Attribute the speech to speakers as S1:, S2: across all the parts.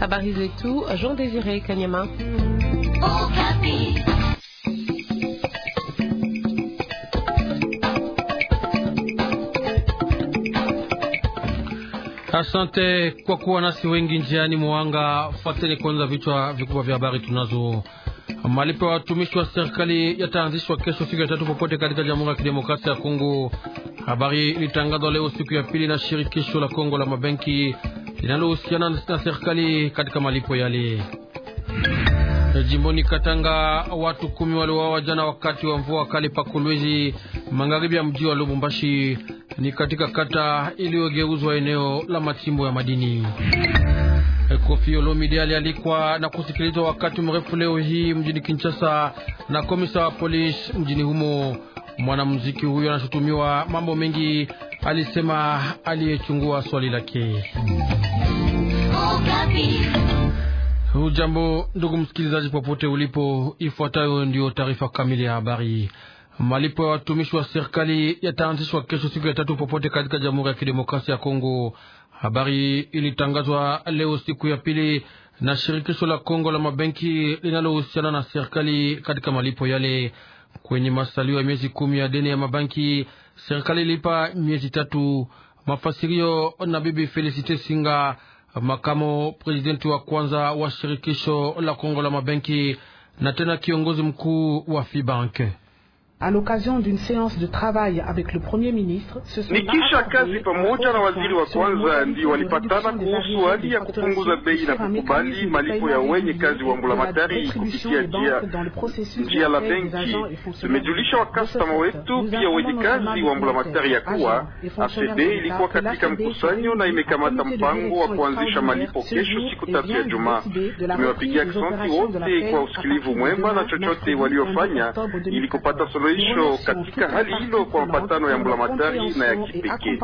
S1: Habari zetu, Jean Désiré Kanyama.
S2: Asante kwa kuwa nasi wengi njiani mwanga. Fateni kwanza vichwa vikubwa vya habari tunazo. Malipo ya watumishi wa serikali yataanzishwa kesho siku ya tatu popote katika Jamhuri ya Kidemokrasia ya Kongo. Habari ilitangazwa leo siku ya pili na shirikisho la Kongo la mabenki linalohusiana na serikali katika malipo yale. Jimboni Katanga, watu kumi waliuawa jana wakati wa mvua kali pa Kolwezi, magharibi ya mji wa Lubumbashi, ni katika kata iliyogeuzwa eneo la machimbo ya madini. Eh, Kofi Olomide alialikwa na kusikilizwa wakati mrefu leo hii mjini Kinshasa na komisa wa polisi mjini humo. Mwanamuziki huyo anashutumiwa mambo mengi, alisema aliyechungua swali lake. Hujambo ndugu msikilizaji, popote ulipo, ifuatayo ndiyo taarifa kamili ya habari. Malipo ya watumishi wa serikali yataanzishwa kesho, siku ya tatu, popote katika Jamhuri ya Kidemokrasia ya Kongo. Habari ilitangazwa leo siku ya pili na shirikisho la Kongo la mabenki linalohusiana na serikali katika malipo yale kwenye masalio ya miezi kumi ya deni ya mabanki. Serikali ilipa miezi tatu. Mafasirio na Bibi Felicite Singa, makamo presidenti wa kwanza wa shirikisho la Kongo la mabenki na tena kiongozi mkuu wa Fibanke.
S1: à l'occasion d'une séance de travail avec le Premier ministre. ce sont Nikisha
S3: kazi pamoja na waziri wa kwanza ndio walipatana kuhusu hali ya kupunguza bei na kukubali malipo ya wenye kazi wa mbulamatari kupitia njia la benki. Tumejulisha wakastama wetu pia wenye kazi wa mbulamatari ya kuwa ACD ilikuwa katika mkusanyo na imekamata mpango wa kuanzisha malipo kesho siku tatu ya Jumaa. Tumewapigia asante wote kwa usikilivu mwema na chochote waliofanya ili kupata suluhisho suluhisho katika hali hilo kwa mapatano ya mbulamatari na ya kipekee.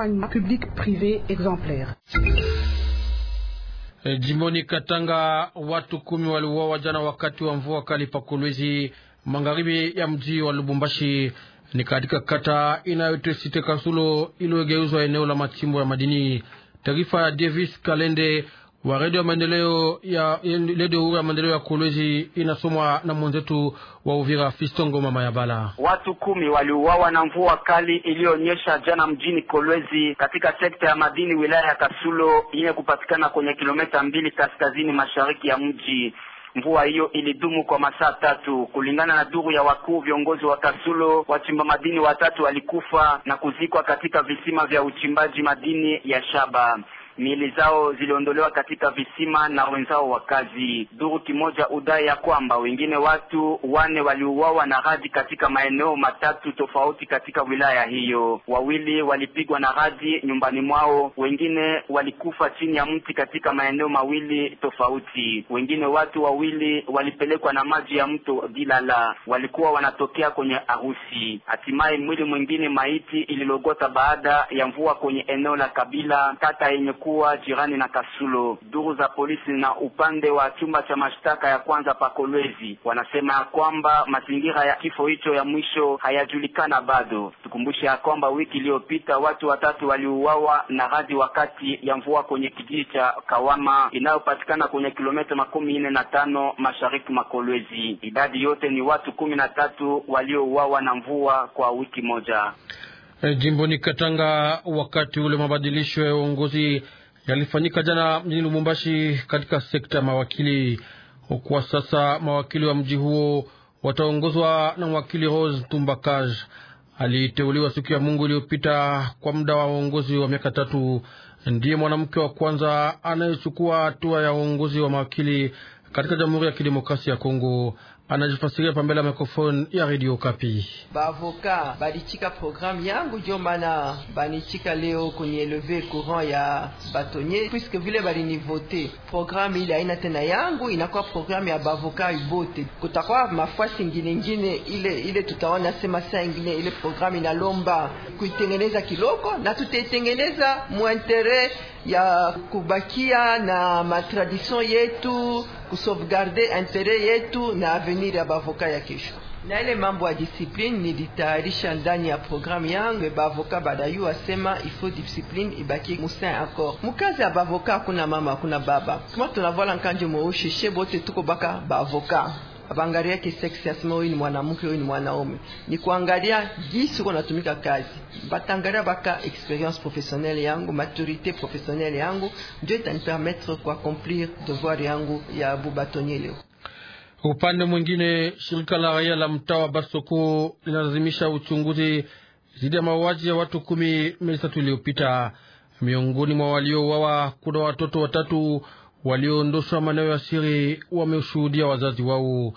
S2: Eh, jimboni Katanga, watu kumi waliuawa jana wakati wa mvua kali pa Kolwezi, magharibi ya mji wa Lubumbashi. Ni katika kata inayoitwa Site Kasulo iliyogeuzwa eneo la machimbo ya madini. Taarifa ya Davis Kalende wa redio maendeleo ya redio huru ya maendeleo ya Kolwezi inasomwa na mwenzetu wa Uvira Fistongo mama ya Bala.
S4: Watu kumi waliuawa na mvua kali iliyonyesha jana mjini Kolwezi katika sekta ya madini wilaya ya Kasulo yenye kupatikana kwenye kilomita mbili kaskazini mashariki ya mji. Mvua hiyo ilidumu kwa masaa tatu. Kulingana na duru ya wakuu viongozi wa Kasulo, wachimba madini watatu walikufa na kuzikwa katika visima vya uchimbaji madini ya shaba miili zao ziliondolewa katika visima na wenzao wa kazi Duru kimoja udai ya kwamba wengine watu wane waliuawa na radi katika maeneo matatu tofauti katika wilaya hiyo. Wawili walipigwa na radi nyumbani mwao, wengine walikufa chini ya mti katika maeneo mawili tofauti. Wengine watu wawili walipelekwa na maji ya mto Dilala, walikuwa wanatokea kwenye harusi. Hatimaye mwili mwingine maiti ililogota baada ya mvua kwenye eneo la Kabila, tata yenye kuwa jirani na Kasulo. Duru za polisi na upande wa chumba cha mashtaka ya kwanza pa Kolwezi wanasema ya kwamba mazingira ya kifo hicho ya mwisho hayajulikana bado. Tukumbushe ya kwamba wiki iliyopita watu watatu waliuawa na radi wakati ya mvua kwenye kijiji cha Kawama inayopatikana kwenye kilomita makumi nne na tano mashariki mwa Kolwezi. Idadi yote ni watu kumi na tatu waliouawa na mvua kwa wiki moja.
S2: Eh, ni Katanga, wakati ule mabadilisho ya uongozi yalifanyika jana mjini Lubumbashi katika sekta ya mawakili. Kwa sasa mawakili wa mji huo wataongozwa na mwakili Rose Tumbakaj aliteuliwa siku ya Mungu iliyopita kwa muda wa uongozi wa miaka tatu. Ndiye mwanamke wa kwanza anayechukua hatua ya uongozi wa mawakili katika Jamhuri ya Kidemokrasia ya Kongo anajifasiria pambele ya mikrofoni ya Radio Kapi.
S5: Bavoka balichika programu yangu jomana maana banichika leo kwenye eleve courant ya batonye, puisque vile balinivote programu ile aina tena yangu inakuwa programu ya bavoka ibote. Kutakuwa mafasi ngine ngine ile ile, tutaona sema saa ingine ile programu inalomba kuitengeneza kiloko na tutaitengeneza muintere ya kubakia na matradision yetu, kusauvegarde intere yetu na avenir ya bavoka ya kesho. Na ile mambo ya discipline nilitayarisha ndani ya programu yangu. Bavoka badayu wasema ifo discipline ibaki musin encore mukazi ya bavoka. Hakuna mama, hakuna baba, kama tunavola nkanje mweushi she tuko baka bavoka abaangaliake seksi asema huyu ni mwanamke huyu ni mwanaume, ni kuangalia gisi uko natumika kazi. batangalia baka experience professionnelle yangu, maturité professionnelle yangu, ndio itanipermettre accomplir devoir yangu ya bubatonye leo.
S2: Upande mwingine, shirika la raia la mtaa wa Basoko linalazimisha uchunguzi zidi ya mauaji ya watu kumi Mei tatu iliyopita. Miongoni mwa waliouawa kuna watoto watatu walioondoshwa maeneo ya siri wameshuhudia wazazi wao.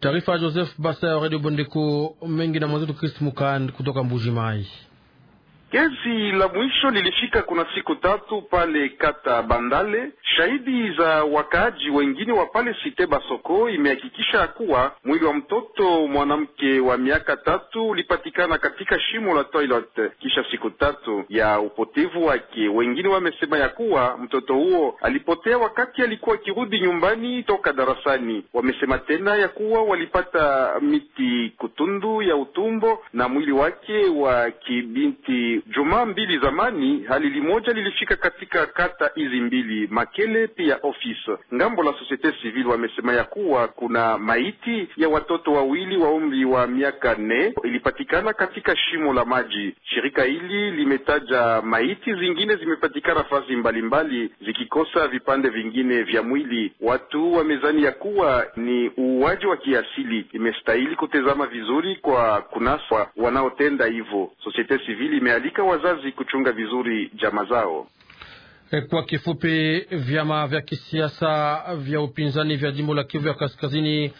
S2: Taarifa ya Joseph Basa ya Redio Bondeko mengi na mwenzetu Chris Mukan kutoka Mbuji Mai.
S3: Gezi la mwisho lilifika kuna siku tatu pale kata Bandale. Shahidi za wakaaji wengine wa pale site Basoko imehakikisha kuwa mwili wa mtoto mwanamke wa miaka tatu ulipatikana katika shimo la toilet kisha siku tatu ya upotevu wake. Wengine wamesema ya kuwa mtoto huo alipotea wakati alikuwa akirudi nyumbani toka darasani. Wamesema tena ya kuwa walipata miti kutundu ya utumbo na mwili wake wa kibinti Jumaa mbili zamani hali limoja lilifika katika kata hizi mbili Makele pia Office. Ngambo la societe civile wamesema ya kuwa kuna maiti ya watoto wawili wa umri wa miaka nne ilipatikana katika shimo la maji. Shirika hili limetaja maiti zingine zimepatikana fasi mbalimbali zikikosa vipande vingine vya mwili. Watu wamezani ya kuwa ni uuaji wa kiasili, imestahili kutezama vizuri kwa kunaswa wanaotenda hivyo. Societe civile ime kualika wazazi kuchunga vizuri jamaa zao.
S2: Eh, kwa kifupi, vyama vya kisiasa vya upinzani vya jimbo la Kivu ya Kaskazini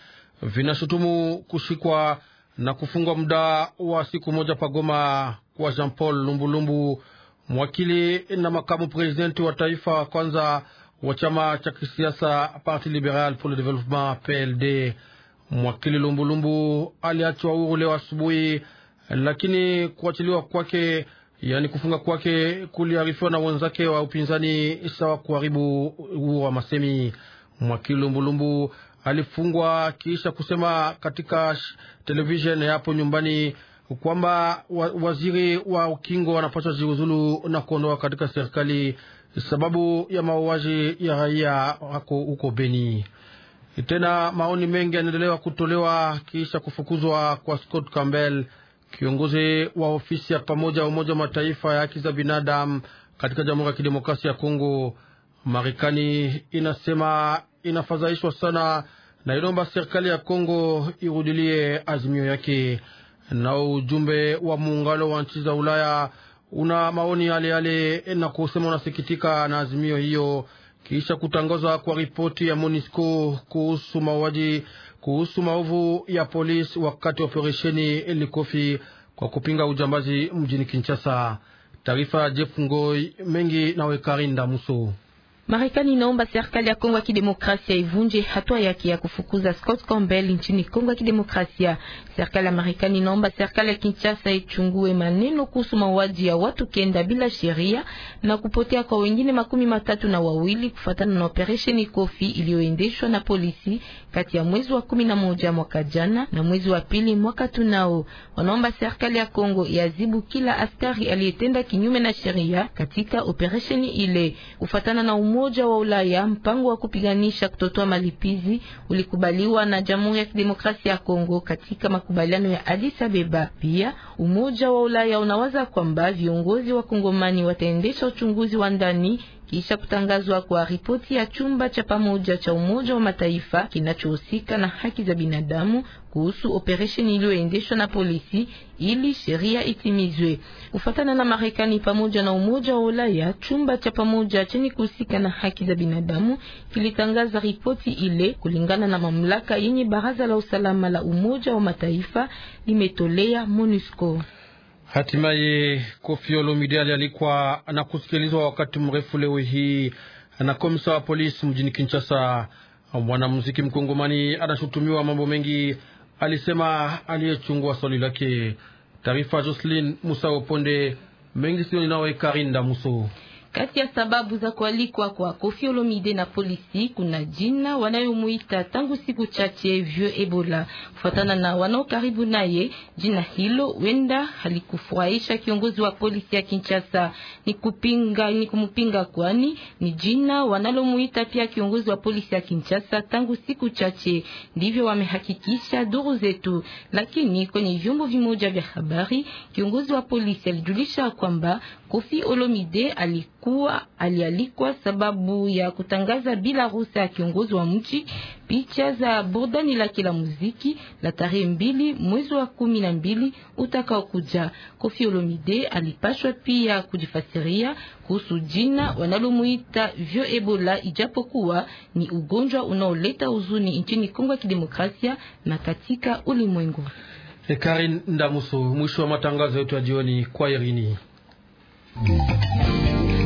S2: vinashutumu kushikwa na kufungwa muda wa siku moja pagoma kwa Jean Paul Lumbulumbu, mwakili na makamu presidenti wa taifa kwanza wa chama cha kisiasa Parti Liberal pour le Developpement PLD. Mwakili Lumbulumbu aliachwa huru leo asubuhi lakini kuachiliwa kwake, yani kufunga kwake, kuliarifiwa na wenzake wa upinzani sawa kuharibu huo wa masemi. Mwakilumbulumbu alifungwa kisha kusema katika televishen yapo nyumbani kwamba waziri wa ukingo wanapaswa jiuzulu na kuondoa katika serikali sababu ya mauaji ya raia huko Beni. Tena maoni mengi yanaendelewa kutolewa kisha kufukuzwa kwa Scott Campbell Kiongozi wa ofisi ya pamoja ya Umoja wa Mataifa ya haki za binadamu katika Jamhuri ya Kidemokrasia ya Kongo, Marekani inasema inafadhaishwa sana na inaomba serikali ya Kongo irudilie azimio yake. na ujumbe wa muungano wa nchi za Ulaya una maoni yale yale na kusema unasikitika na azimio hiyo kisha kutangazwa kwa ripoti ya MONUSCO kuhusu mauaji kuhusu maovu ya polisi wakati wa operesheni Likofi kwa kupinga ujambazi mjini Kinshasa. Taarifa ya Jeff Ngoi mengi na wekarinda Muso.
S1: Marekani inaomba serikali ya Kongo ya Kidemokrasia ivunje hatua yake ya kufukuza Scott Campbell nchini Kongo ya Kidemokrasia. Serikali ya Marekani inaomba serikali ya Kinshasa ichungue maneno kuhusu mauaji ya watu kenda bila sheria na kupotea kwa wengine makumi matatu na wawili kufuatana na operesheni Kofi iliyoendeshwa na polisi kati ya mwezi wa kumi na moja mwaka jana na mwezi wa pili mwaka tunao. Wanaomba serikali ya Kongo iazibu kila askari aliyetenda kinyume na sheria katika operesheni ile kufuatana na umu Umoja wa Ulaya, mpango wa kupiganisha kutotoa malipizi ulikubaliwa na Jamhuri ya Kidemokrasia ya Kongo katika makubaliano ya Addis Abeba. Pia Umoja wa Ulaya unawaza kwamba viongozi wa Kongomani wataendesha uchunguzi wa ndani kisha kutangazwa kwa ripoti ya chumba cha pamoja cha Umoja wa Mataifa kinachohusika na haki za binadamu kuhusu operesheni iliyoendeshwa na polisi ili sheria itimizwe. Kufuatana na Marekani pamoja na Umoja wa Ulaya, chumba cha pamoja chenye kuhusika na haki za binadamu kilitangaza ripoti ile. Kulingana na mamlaka yenye Baraza la Usalama la Umoja wa Mataifa limetolea MONUSCO.
S2: Hatimaye Kofi Olomide alialikwa na kusikilizwa wakati mrefu leo hii na komisa wa polisi mjini Kinshasa. Mwanamuziki mkongomani anashutumiwa mambo mengi, alisema aliyechungua swali lake. Taarifa joselin Musa Oponde mengi sio ninawe Karinda Muso.
S1: Kati ya sababu za kualikwa kwa Kofi Olomide na polisi kuna jina wanayomuita tangu siku chache Vieux Ebola. Kufatana na wanao karibu naye, jina hilo wenda halikufurahisha kiongozi wa polisi ya Kinshasa. Ni kupinga ni kumupinga, kwani ni jina wanalomuita pia kiongozi wa polisi ya Kinshasa tangu siku chache, ndivyo wamehakikisha duru zetu. Lakini kwenye vyombo vimoja vya habari, kiongozi wa polisi alijulisha kwamba Kofi Olomide alikuwa kuwa alialikwa sababu ya kutangaza bila ruhusa ya kiongozi wa mji picha za burudani lake la muziki la tarehe mbili mwezi wa kumi na mbili utakaokuja. Kofi Olomide alipashwa pia kujifasiria kuhusu jina wanalomuita vyo Ebola, ijapokuwa ni ugonjwa unaoleta huzuni nchini Kongo ya Kidemokrasia na katika ulimwengu.
S2: E, Karin Ndamuso, mwisho wa matangazo yetu ya jioni kwa Irini.
S1: Mm.